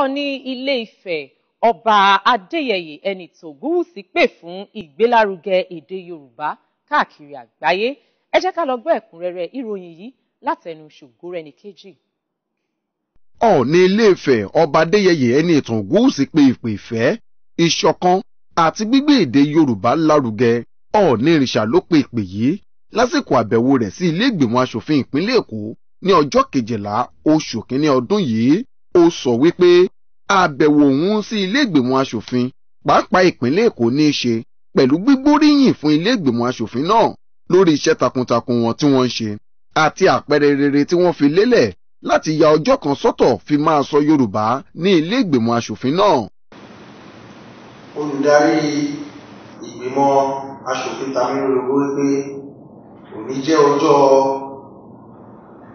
ọọ̀ni ilé ìfẹ́ ọba adéyẹyẹ ẹni tògúwùsì pè fún ìgbélárugẹ èdè yorùbá káàkiri àgbáyé ẹ jẹ́ ká lọ gbọ́ ẹ̀kúnrẹ́rẹ́ ìròyìn yìí látẹnu ṣògórẹ́nìkejì ọ̀ọ̀ni iléèfẹ̀ ọba adéyẹyẹ ẹni ìtàn gúúsì pé ìpè ìfẹ́ ìṣọ̀kan àti gbígbé èdè yorùbá lárugẹ ọ̀ọ̀ni ìrìṣà ló pe ìpè yìí lásìkò àbẹ̀wò rẹ̀ sí ilé ìgbìmọ̀ asòfin ìpínlẹ̀ ó sọ wípé àbẹ̀wò òun sí iléègbìmọ̀ asòfin pàápàá ìpínlẹ̀ Èkó ní í ṣe pẹ̀lú gbígbóríyìn fún iléègbìmọ̀ asòfin náà lórí iṣẹ́ takuntakun wọn tí wọ́n ń ṣe àti àpẹẹrẹ rere tí wọ́n fi lélẹ̀ láti ya ọjọ́ kan sọ́tọ̀ fi máa sọ Yorùbá ní iléègbìmọ̀ asòfin náà. olùdarí ìgbìmọ̀ asòfin tamilolobó wípé òní jẹ́ ọjọ́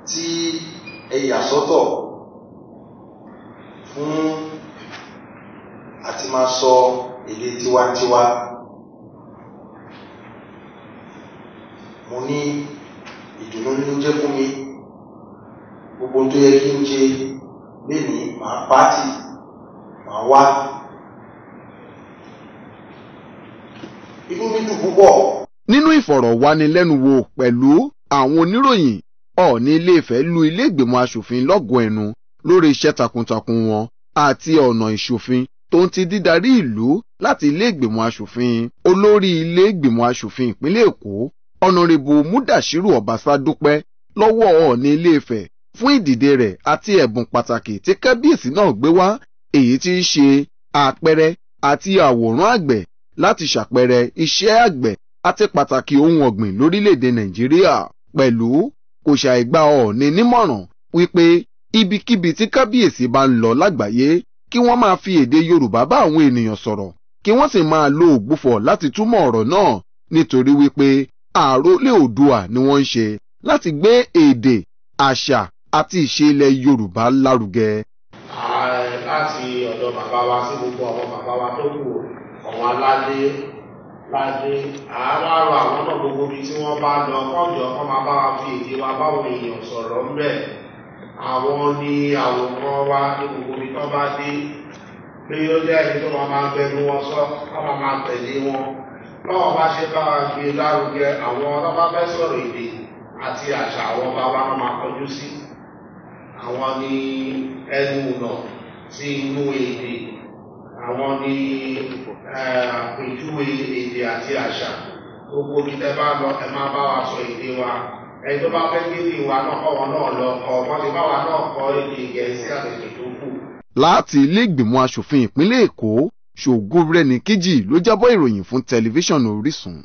tí ẹ yà sọ́tọ̀ fún àti máa sọ èdè tiwantiwa mo ní ìdùnnú nínú jẹ́ fún mi gbogbo tó yẹ kí n jẹ lénìí màá pàtì màá wá inú mi dùn púpọ̀. nínú ìfọ̀rọ̀wánilẹ́nuwò pẹ̀lú àwọn oníròyìn Ọọ̀ni Ilé-Ifẹ̀ lu ilé ìgbìmọ̀ asòfin lọ́gọ̀ọ́ ẹnu lórí iṣẹ́ takuntakun wọn àti ọ̀nà ìṣòfin tó ń ti dídarí ìlú láti ilé ìgbìmọ̀ aṣòfin olórí ilé ìgbìmọ̀ aṣòfin ìpínlẹ̀ Èkó ọ̀nàrẹ́bù Múdàṣírù Ọ̀básá dúpẹ́ lọ́wọ́ Ọọ̀ni Ilé-Ifẹ̀ fún ìdìde rẹ̀ àti ẹ̀bùn pàtàkì tí kábíyèsí náà gbé wá èyí tí í ṣe àpẹẹrẹ àti àwòrán àgbẹ̀ láti ṣàpẹẹrẹ iṣẹ́ àgbẹ̀ àti pàtàkì ohun ọ̀gbìn lórílẹ̀‐èdè Nàìjíríà pẹ̀lú kò ṣàìgbà Ọọ̀ni nímọ̀ràn wípé ibikíbi tí kábíyèsí bá ń lọ lágbàáyé kí wọ́n máa fi èdè Yorùbá bá àwọn ènìyàn sọ̀rọ̀ kí wọ́n sì máa lo ògbúfọ̀ láti túmọ̀ ọ̀rọ̀ náà nítorí wípé àròlé Oòduà ni wọ́n ń ṣe láti gbé èdè àṣà àti ìṣe ilẹ̀ Yorùbá lárugẹ. láti ọ̀dọ̀ bàbá wa sí gbogbo àwọn bàbá wa tó kù ọ̀wọ́n aládé láti àárọ̀ àwọn náà gbogbo ibi tí wọ́n bá lọ kọ́jọ́ kọ́ máa bá wa fi èdè wa báwọn èèyàn sọ̀rọ̀ ńbẹ̀ àwọn ni àwòkọ́ wa ní gbogbo ibi tó bá dé pé ó jẹ́ ẹni tó máa bẹnu wọn sọ tó máa máa tẹ̀lé wọn lọ́wọ́ bá ṣe bá wa gbé lárugẹ àwọn ọlọ́ba fẹ́ sọ̀rọ̀ èdè àti àṣà àwọn bàbá máa kọjú sí àwọn ni ẹnu ọ̀nà sí inú èdè àwọn ni àpèjúwe èdè àti àṣà gbogbo ibi bá lọ ẹ máa bá wa sọ èdè wa ẹni tó bá fẹ́ kí ní ìwà náà kọ́ wọn náà lọ kọ́ lè bá wa náà kọ́ èdè gẹ̀ẹ́sì àtẹ̀tẹ̀ tó kù. láti ilé asòfin ìpínlẹ̀ èkó ṣògo rẹnìkejì ló jábọ̀ ìròyìn fún tẹlifíṣàn Orísun.